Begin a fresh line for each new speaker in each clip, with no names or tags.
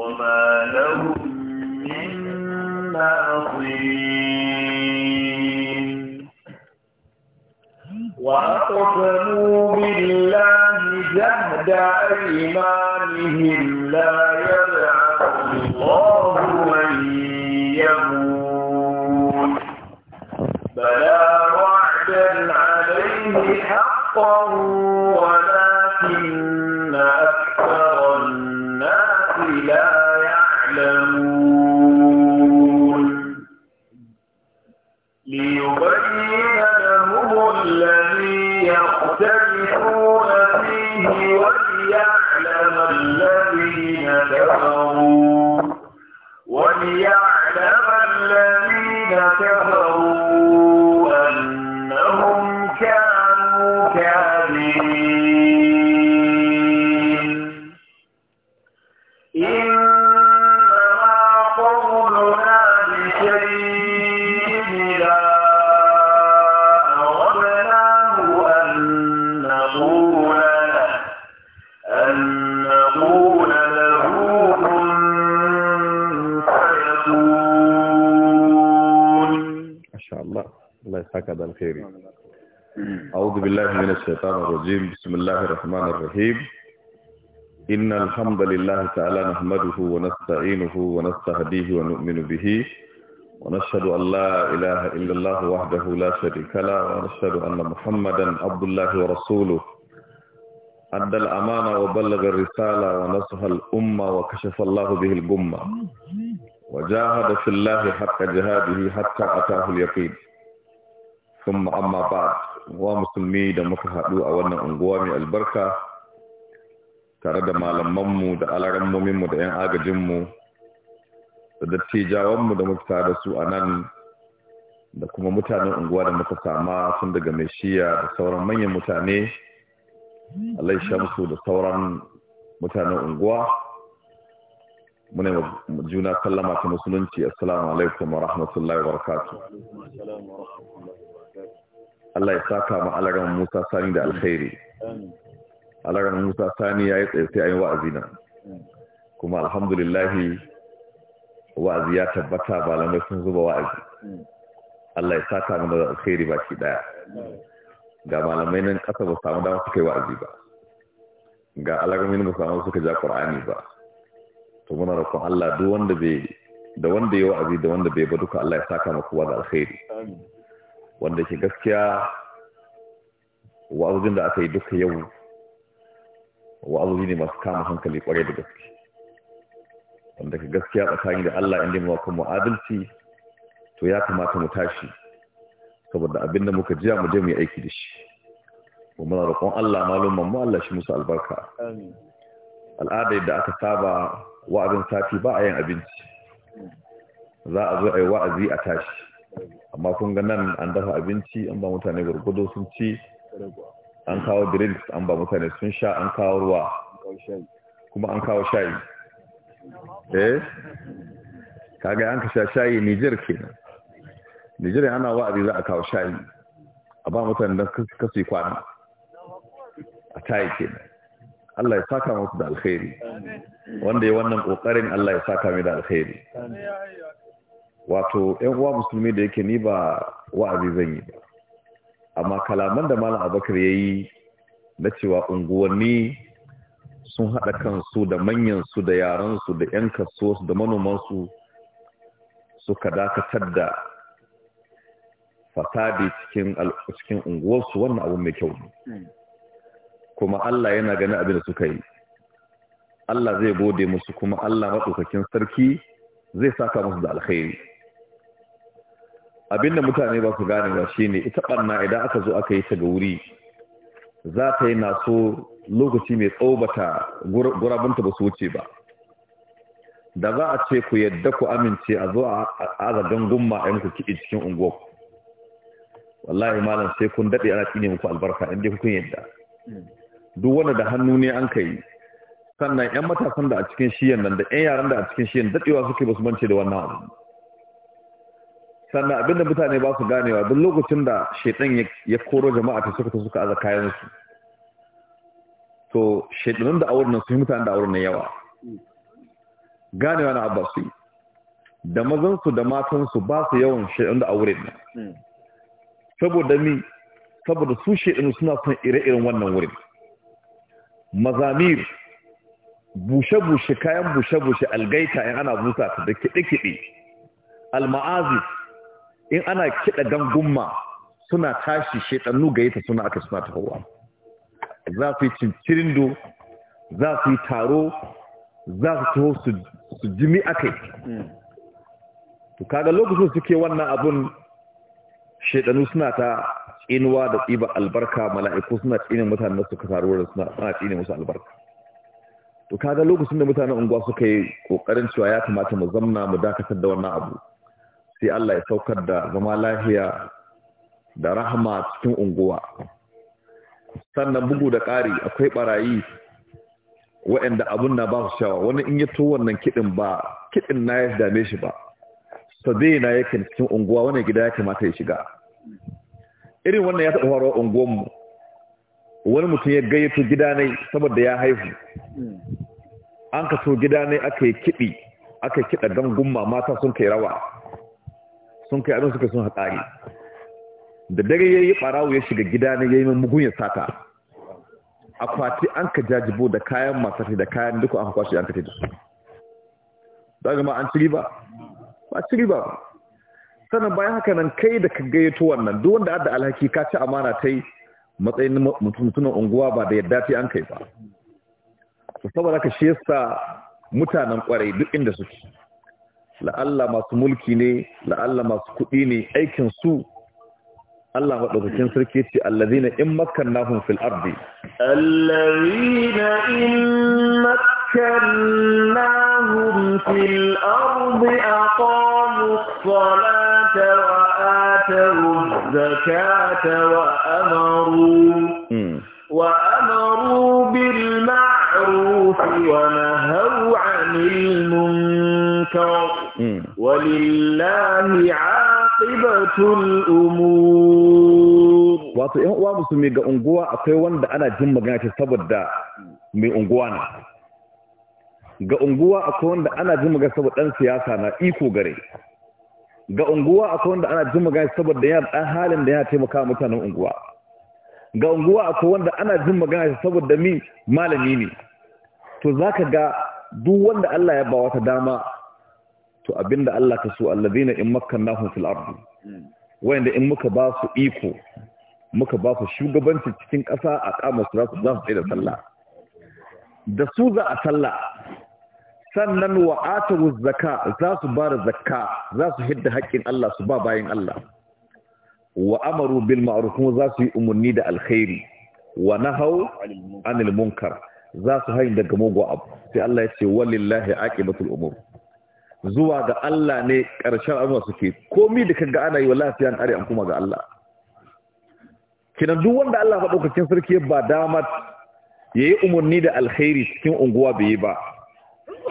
وما لهم من ناصرين وأقسموا بالله جهد أيمانهم لا
الشيطان الرجيم بسم الله الرحمن الرحيم إن الحمد لله تعالى نحمده ونستعينه ونستهديه ونؤمن به ونشهد أن لا إله إلا الله وحده لا شريك له ونشهد أن محمدا عبد الله ورسوله أدى الأمانة وبلغ الرسالة ونصح الأمة وكشف الله به الغمة وجاهد في الله حق جهاده حتى أتاه اليقين ثم أما بعد wa musulmi da muka haɗu a wannan unguwa mai albarka tare da malamanmu da alarammominmu da 'yan agajinmu da dattijawanmu da muka tare da su a nan da kuma mutanen unguwa da muka sama sun daga mai shiya da sauran manyan mutane alai shamsu da sauran mutanen unguwa muna juna sallama ta musulunci assalamu alaikum wa rahmatullahi wa barakatuh Allah ya saka ma alaran Musa Sani da alkhairi alaran Musa Sani ya yi tsaye sai an yi wa'azi nan kuma alhamdulillah wa'azi ya tabbata malamai sun zuba wa'azi Allah ya saka mana da alkhairi baki daya ga malamai nan kasa ba samu dama suka yi wa'azi ba ga alamin ba samu suka ja Qur'ani ba to muna roƙon Allah duk wanda bai da wanda ya wa'azi da wanda bai ba duka Allah ya saka maka kowa da alkhairi amin wanda ke gaskiya wa'azin da aka yi duka yau wa'azuzi ne masu kama hankali kwarai da gaske wanda ke gaskiya tsakani da Allah inda mu kuma adalci to ya kamata mu tashi saboda abin da muka jiya mu je mu yi aiki da shi mu muna roƙon Allah malumman mu Allah shi musu albarka amin al'ada da aka saba wa'azin sati ba a yin abinci za a zo a yi wa'azi a tashi amma kun ga nan an dafa abinci an ba mutane gurgudu sun ci an kawo drinks an ba mutane sun sha an kawo ruwa kuma an kawo shayi eh kaga an ka sha shayi Niger kenan Niger ana wa'azi za a kawo shayi a ba mutane da kasu kwana a tayi kenan Allah ya saka musu da alkhairi wanda ya wannan kokarin Allah ya saka mai da alkhairi wato yan uwa musulmi da yake ni ba wa'azi zan yi ba amma kalaman da malam abakar ya yi na cewa unguwanni sun haɗa kansu da manyansu da yaransu da 'yan kasuwarsu da manomansu suka dakatar da fasadi cikin unguwarsu wannan abu mai kyau hmm. kuma Allah yana gani abin da suka yi Allah zai gode musu kuma Allah maɗaukakin sarki zai saka musu da alkhairi abinda mutane ba su gane ba shine ita barna idan aka zo aka yi ta ga wuri za ta yi naso lokaci mai tsawo bata gurabunta ba su wuce ba da za a ce ku yadda ku amince a zo a aza gumma a yi muku kiɗi cikin unguwa wallahi malam sai kun daɗe ana ƙine muku albarka inda kun yadda duk wanda da hannu ne an kai sannan 'yan matasan da a cikin shiyan nan da 'yan yaran da a cikin shiyan daɗewa suke ba su mance da wannan abu sannan abinda mutane ba su ganewa duk lokacin da shaitan ya koro jama'a ta suka ta suka aza kayansu to shaitanun da awar nan su yi mutane da awar nan yawa ganewa na abba su da mazansu da matansu ba su yawan shaitan da aure nan hmm. saboda mi saboda su shaitanu suna son ire-iren wannan wurin mazamir bushe-bushe kayan bushe-bushe algaita in ana busa ta da kiɗe-kiɗe alma'azi in ana kiɗa don gumma suna tashi shedannu gayyata suna aka suna hawa za su yi cincirindo za su yi taro za su taho su jimi akai hmm. to kaga lokacin suke wannan abun shedanu suna ta tsinuwa da tsiba albarka mala'iku suna tsinin mutanen suka taru da suna suna tsinin musu albarka to kaga lokacin da mutanen unguwa suka yi kokarin cewa ya kamata mu zamna mu dakatar da wannan abu sai Allah ya saukar da zama lafiya da rahama cikin unguwa sannan bugu da ƙari akwai ɓarayi waɗanda abun na ba su shawa wani in yi to wannan kiɗin ba kiɗin na ya dame shi ba sabe na yake cikin unguwa wani gida ya kamata ya shiga irin wannan ya taɓa faruwa unguwanmu wani mutum ya gayyato gida ne saboda ya haihu an ka so gida ne aka yi kiɗi aka kiɗa gangunma mata sun kai rawa sun kai abin suka sun hatsari da dare ya yi ɓarawo ya shiga gida na ya yi mugun ya sata akwati an ka jajibo da kayan masu da kayan duka an kwashe an tafi da su za ga ma an ciri ba ba ciri ba sannan bayan haka nan kai da ka gayyato wannan duk wanda adda alhaki ka ci amana ta yi matsayin mutu-mutunan unguwa ba da yadda ta an kai ba saboda ka shi yasa mutanen kwarai duk inda suke la'alla masu mulki ne la'alla masu kuɗi ne aikin su Allah maɗaukakin sarki ce allazina in makkannahum fil ardi
allazina in makkannahum fil ardi aqamu as wa atu az-zakata wa amaru hmm. wa amaru bil ma'ruf wa nahaw 'anil munkar walillahi
aqibatul umur wato yan uwa musulmi ga unguwa akwai wanda ana jin magana ce saboda mai unguwa na ga unguwa akwai wanda ana jin magana saboda dan siyasa na iko gare ga unguwa akwai wanda ana jin magana saboda yana dan halin da yana taimaka mutanen unguwa ga unguwa akwai wanda ana jin magana saboda mi malami ne to zaka ga duk wanda Allah ya ba wata dama to abinda Allah ka so allazina in makkannahum fil ardi wanda in muka ba su iko muka ba su shugabanci cikin ƙasa a kama su za su tsaye da sallah da su za a sallah sannan wa atawu zakka za su ba da zakka za su hidda haƙƙin Allah su ba bayan Allah wa amaru bil ma'ruf kuma za su yi umarni da alkhairi wa nahau anil munkar za su hayin daga mugu abu sai Allah ya ce walillahi aqibatul umur zuwa ga Allah ne ƙarshen al'umma suke komi da kaga ana yi wa sai an kare an kuma ga Allah kinan duk wanda Allah ɗaukacin sarki ba damar ya yi umarni da alkhairi cikin unguwa bai yi ba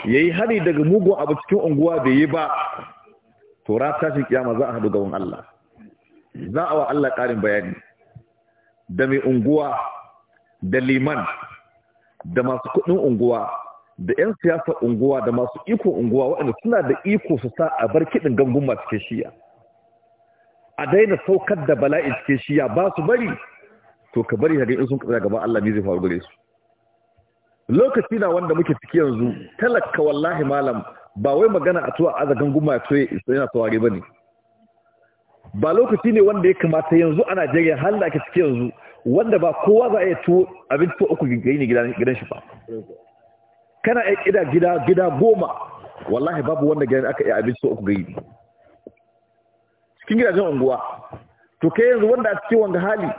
Ya yi hari daga mugun abu cikin unguwa bai yi ba to ra tashin kiyama za a hadu wani Allah za a wa Allah ƙarin bayani da mai unguwa da liman da masu kuɗin unguwa da 'yan siyasar unguwa da masu iko unguwa waɗanda suna da iko su sa a bar kiɗin gangun masu ke shiya a daina saukar da bala'i cikin shiya ba su bari to ka bari hagin in sun kaɗa gaba Allah ne zai faru gare su lokaci na wanda muke ciki yanzu talaka wallahi malam ba wai magana a tuwa aza gangun ma to yana saware ba ne ba lokaci ne wanda ya kamata yanzu a Najeriya har da ake ciki yanzu wanda ba kowa za a yi tuwo abin tuwo uku gidan shi ba kana ya kida gida gida goma wallahi babu wanda gani aka iya abinci uku ga yi cikin gidajen unguwa to kai yanzu wanda a cikin wanga hali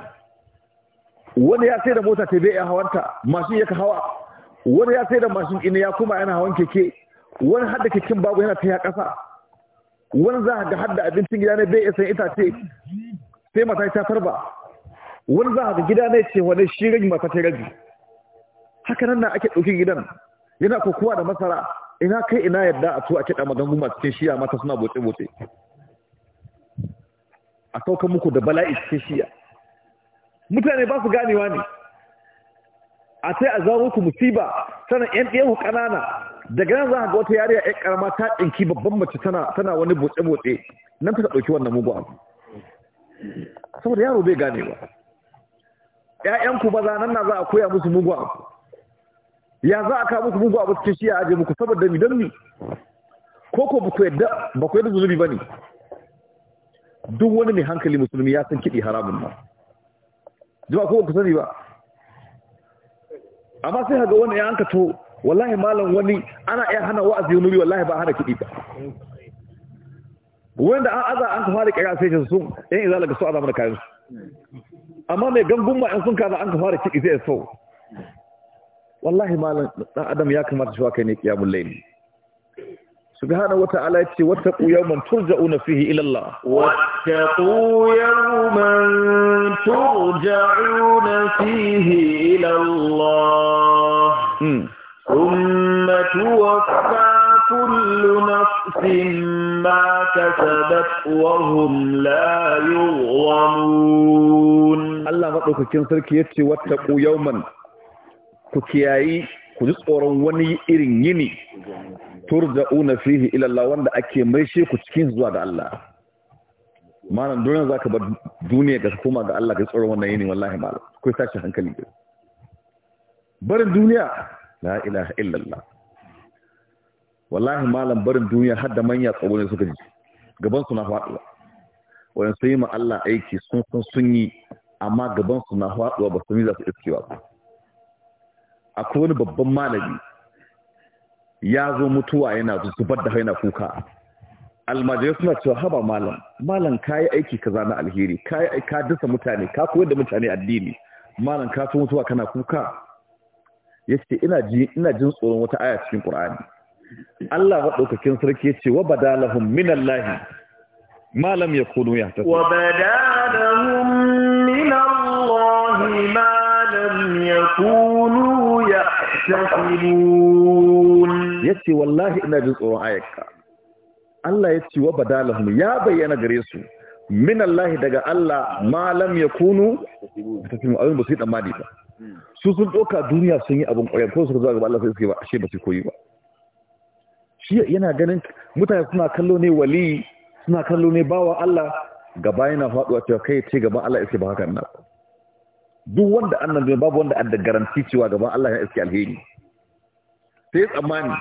wani ya sai da mota ta bai ya hawanta mashin ya ka hawa wani ya sai da mashin ina ya kuma yana hawan keke wani hadda keken babu yana ta ya kasa wani za ga hadda abincin gida ne bai isa itace sai mata ta farba wani za ga gida ne ce wani shi mata ta rage haka nan na ake ɗauki gidan yana kokowa da masara ina kai ina yadda a to a kiɗa maganganu masu cikin shiya mata suna bote-bote a sauka muku da bala'i cikin shiya mutane ba su ganewa ne a sai a zaro ku musiba sanan yan ku ƙanana daga nan za ka ga wata yariya yan ƙarama ta ɗinki babban mace tana wani bote-bote nan ta ɗauki wannan mugu abu saboda yaro bai ganewa ƴaƴanku maza nan na za a koya musu mugu abu ya za a kawo muku mugu abu cikin shi a aje muku saboda mi don mi ko ko ba ku yadda ba ku yadda zunubi ba ne duk wani mai hankali musulmi ya san kiɗi haramun ma jima ko ku sani ba amma sai haga wani ya an to wallahi malam wani ana iya hana wa wa'azi nuri wallahi ba hana kiɗi ba wanda an aza an ka fara kira sai sun yan izala ga su a zamanin kayan su amma mai gangun ma sun kaza an ka fara kiɗi sai ya sau والله ما ادم يا كما تشوا كاني قيام الليل سبحانه وتعالى يتي واتقوا يوما ترجعون فيه الى الله واتقوا يوما ترجعون
فيه الى الله ثم توفى كل نفس ما كسبت
وهم لا يظلمون الله ما دوكو كين لك يتي واتقوا يوما ku kiyayi ku ji tsoron wani irin yini una fihi ila Allah wanda ake maishe ku cikin zuwa ga Allah malam duniya zaka bar duniya ka koma ga Allah ka tsoron wannan yini wallahi malam ku tashi hankali barin duniya la ilaha illallah wallahi malam barin duniya har da manya tsoro ne suka ji gaban su na faduwa wannan sai ma Allah aiki sun sun sun yi amma gaban su na faduwa ba su mi za su iskiwa ba akwai wani babban malami ya zo mutuwa yana zubar da haina kuka almajirai suna cewa haba malam malam ka yi aiki ka zana alheri ka yi ka dasa mutane ka koyar da mutane addini malam ka so mutuwa kana kuka ya ce ina jin tsoron wata aya cikin qurani Allah wa maɗaukakin sarki ya ce wa badalahum minallahi malam ya kunu ya tafi wa badalahum minallahi malam ya kunu ce wallahi ina jin tsoron ayyaka. Allah ya ce wa badalahum ya bayyana gare su min Allah daga Allah ma lam yakunu tafimu abin ba su yi tsammani ba su sun doka duniya sun yi abin ƙwarar ko su zuwa gaba Allah sai suke ba ashe ba su koyi ba shi yana ganin mutane suna kallo ne wali suna kallo ne bawa Allah gaba yana faduwa cewa kai ce gaban Allah ce ba haka nan duk wanda annan zai babu wanda an da garanti cewa gaban Allah ya iske alheri sai tsammani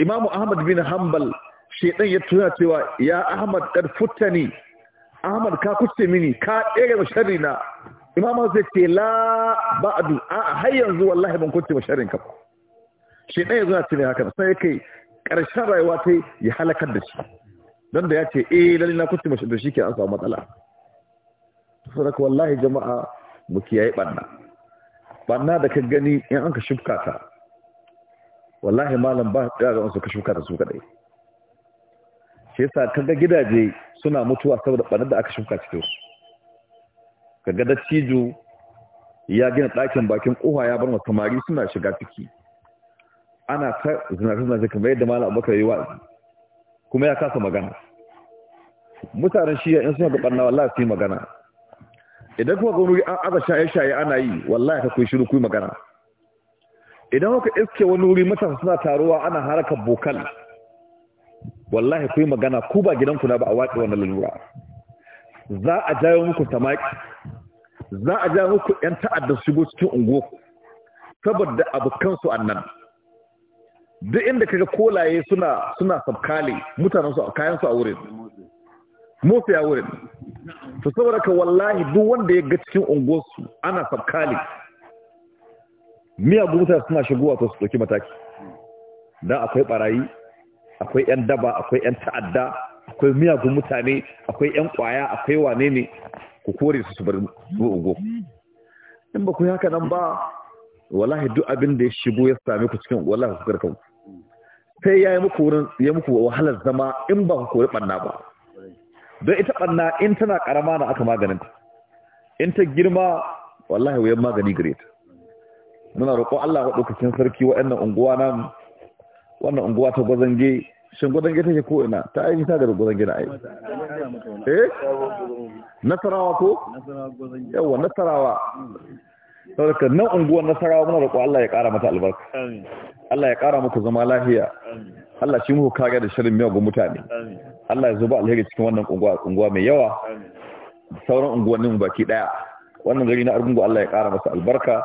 Imam Ahmad bin Hanbal shedan ya tuna cewa ya Ahmad kar futtani Ahmad ka kuce mini ka tsere wa sharri na Imam sai ce la ba'du a har yanzu wallahi ban kuce wa sharrin ka shedan ya zuna cewa haka sai kai karshen rayuwa ta ya halakar da shi don da ya ce eh lalle na kuce mashi da shi ke an samu matsala sadaka wallahi jama'a mu kiyaye banna banna da ka gani in an ka shifka ta wallahi malam ba ka ga su ka shuka ta su kadai shi yasa kaga gidaje suna mutuwa saboda banna da aka shifka cikin su kaga da cijo ya gina ɗakin bakin ƙofa ya bar samari suna shiga ciki ana ta zinarin zai kamar yadda malam abubakar yi wa'azi kuma ya kasa magana mutanen shiya in suna ga barna wallahi su yi magana idan kuma ga wuri an aza shaye-shaye ana yi wallahi ka kun shiru ku magana idan kuka iske wani wuri matasa suna taruwa ana haraka bokal wallahi ku magana ku ba gidanku na ba a watsi wannan lalura za a jawo muku tamaki za a jawo muku yan ta'adda su shigo cikin ungo saboda abokansu su annan duk inda kaga kolaye suna suna sabkale mutanen su kayan su a wurin motsi a wurin to saboda ka wallahi duk wanda ya ga cikin unguwarsu ana sabkali miya buta suna shigowa to su ɗauki mataki don akwai ɓarayi akwai 'yan daba akwai 'yan ta'adda akwai miyagun mutane akwai 'yan ƙwaya akwai wane ne ku kore su su bar ungo in ba ku yi haka nan ba wallahi duk abin da ya shigo ya same ku cikin wallahi ku karkan sai ya yi muku wahalar zama in ba ku kori ɓanna ba don ita ɓanna in tana ƙarama na aka maganinta in ta girma wallahi wayan magani gare ta muna roƙo Allah wa ɗaukacin sarki waɗannan unguwa nan wannan unguwa ta gwazange shin gwazange take ko ina ta aiki ta daga gwazange na aiki eh nasarawa ko yawa nasarawa saboda nan unguwar nasarawa muna roƙo Allah ya ƙara mata albarka Allah ya ƙara muku zama lafiya Allah shi muku kare da shirin miyagun mutane Allah ya zuba alheri cikin wannan unguwa mai yawa sauran unguwannin baki daya wannan gari na argungu Allah ya kara masa albarka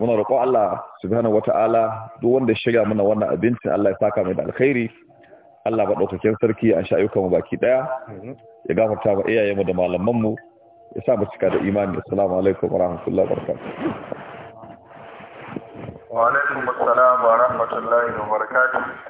muna roƙo Allah subhanahu wata'ala duk wanda shirya mana wannan abinci Allah ya saka mai da alkhairi Allah ba daukakin sarki an sha ayyukan mu baki daya ya gafarta wa iyayen mu da malaman mu ya sa mu cika da imani assalamu alaikum wa rahmatullahi wa barakatuh
wa alaikum assalam wa rahmatullahi wa barakatuh